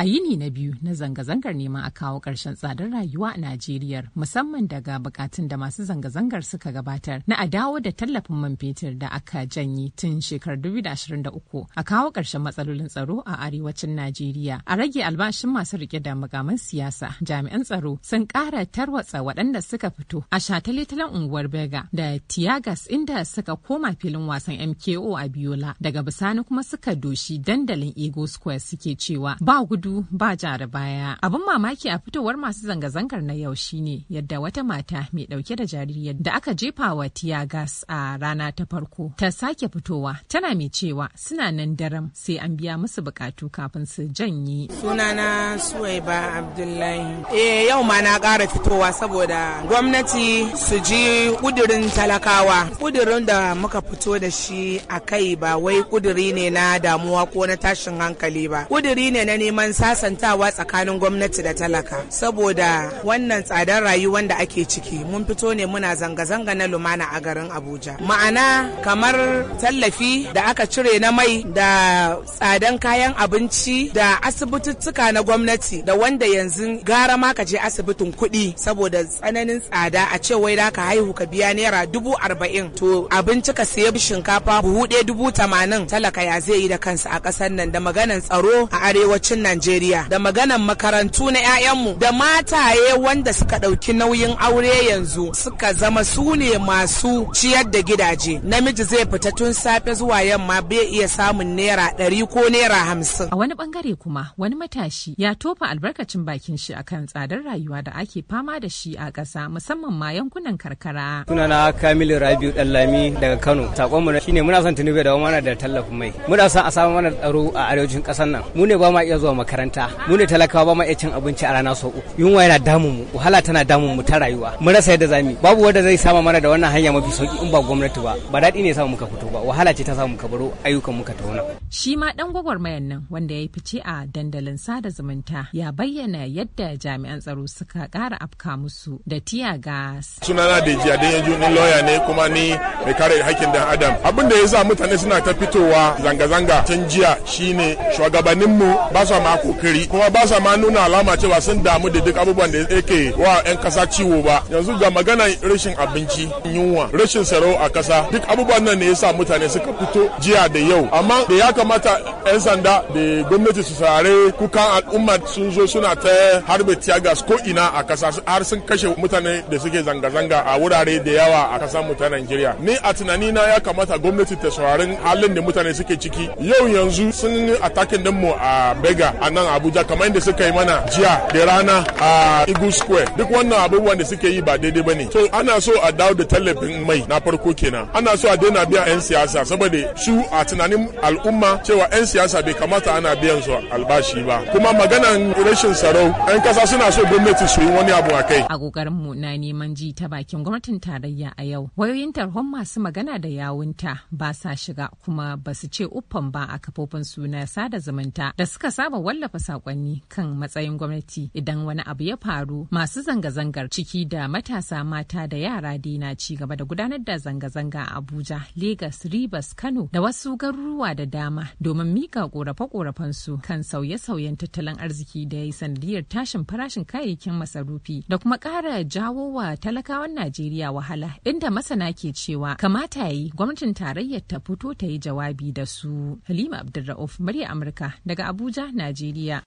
A yini na biyu na zanga-zangar neman a kawo ƙarshen tsadar rayuwa a Najeriya musamman daga bukatun da masu zanga-zangar suka gabatar na a dawo da tallafin man fetur da aka janye tun shekarar 2023 a kawo ƙarshen matsalolin tsaro a arewacin Najeriya a rage albashin masu rike da mukamin siyasa jami'an tsaro sun ƙara tarwatsa waɗanda suka fito a shataletalen unguwar Bega da Tiagas inda suka koma filin wasan MKO a Biola daga bisani kuma suka doshi dandalin Ego Square suke cewa ba gudu karatu ba ja baya. Abin mamaki a fitowar masu zanga-zangar na yau shine yadda wata mata mai dauke da jaririyar da aka jefa wa tiya gas a rana ta farko ta sake fitowa tana mai cewa suna nan daram sai an biya musu bukatu kafin su janye. Sunana Suwaiba Abdullahi. Eh yau ma na kara fitowa saboda gwamnati su ji kudirin talakawa. Kudirin da muka fito da shi a kai ba wai kudiri ne na damuwa ko na tashin hankali ba. Kudiri ne na neman sasantawa tsakanin gwamnati da talaka saboda wannan tsadar rayuwar da ake ciki mun fito ne muna zanga-zanga na lumana a garin abuja ma'ana kamar tallafi da aka cire na mai da tsadan kayan abinci da asibitittuka na gwamnati da wanda yanzu gara ma ka je asibitin kuɗi saboda tsananin tsada a ce wai ka haihu ka biya naira dubu arba'in to abinci ka siya shinkafa buhu ɗaya dubu tamanin talaka ya zai yi da kansa a ƙasar nan da maganan tsaro a arewacin najeriya Najeriya da maganan makarantu na 'ya'yanmu da mataye wanda suka ɗauki nauyin aure yanzu suka zama su ne masu ciyar da gidaje namiji zai fita tun safe zuwa yamma bai iya samun naira ɗari ko naira hamsin. A wani ɓangare kuma wani matashi ya tofa albarkacin bakin shi akan tsadar rayuwa da ake fama da shi a ƙasa musamman ma yankunan karkara. Sunana Kamilu Rabiu Dallami daga Kano. shi shine muna son Tinubu da mana da tallafin mai. Muna son a samu mana tsaro a arewacin ƙasar nan. Mu ne ba ma iya zuwa makaranta. makaranta mu ne talakawa ba mu iya cin abinci a rana sau uku yunwa yana damun mu wahala tana damun mu ta rayuwa mu rasa yadda zamu babu wanda zai sama mana da wannan hanya mafi sauki in ba gwamnati ba ba daɗi ne samu muka fito ba wahala ce ta samu muka baro ayyukan muka tauna shi ma dan gwagwarmayan nan wanda ya yi fice a dandalin sada zumunta ya bayyana yadda jami'an tsaro suka ƙara afka musu da tiya gas sunana da jiya dan yanzu ni lawyer ne kuma ni mai kare haƙƙin dan adam abin da ya sa mutane suna ta fitowa zanga-zanga tun jiya shine shugabanninmu ba sa ma kokari kuma ba sa ma nuna alama cewa sun damu da duk abubuwan da yake wa 'yan kasa ciwo ba yanzu ga magana rashin abinci yunwa rashin tsaro a kasa duk abubuwan nan ne ya sa mutane suka fito jiya da yau amma da ya kamata 'yan sanda da gwamnati su sare kukan al'umma sun zo suna ta harbe tiyagas ko ina a kasa har sun kashe mutane da suke zanga-zanga a wurare da yawa a kasan mu ta Najeriya ni a tunani n'a ya kamata gwamnati ta saurarin halin da mutane suke ciki yau yanzu sun yi atakin mu a bega a nan abuja kamar yadda suka yi mana jiya da rana a igu square duk wannan abubuwan da suke yi ba daidai ba ne so ana so a dawo da tallafin mai na farko kenan ana so a daina biya 'yan siyasa saboda su a tunanin al'umma cewa 'yan siyasa bai kamata ana biyan su albashi ba kuma maganan rashin tsaro 'yan kasa suna so gwamnati su yi wani abu a kai a kokarin mu na neman ji ta bakin gwamnatin tarayya a yau wayoyin tarhon masu magana da yawunta ba sa shiga kuma ba su ce uffan ba a kafofin suna sada zumunta da suka saba wallafa sakonni kan matsayin gwamnati idan wani abu ya faru masu zanga-zangar ciki da matasa mata da yara dai na ci gaba da gudanar da zanga-zanga a Abuja, Legas, Rivers, Kano da wasu garuruwa da dama domin mika korafe-korafen su kan sauye-sauyen tattalin arziki da ya yi sanadiyar tashin farashin kayayyakin masarufi da kuma ƙara jawo wa talakawan Najeriya wahala inda masana ke cewa kuma kamata yi gwamnatin tarayyar ta fito ta yi jawabi da su halima abdulra'uf murya amurka daga abuja najeriya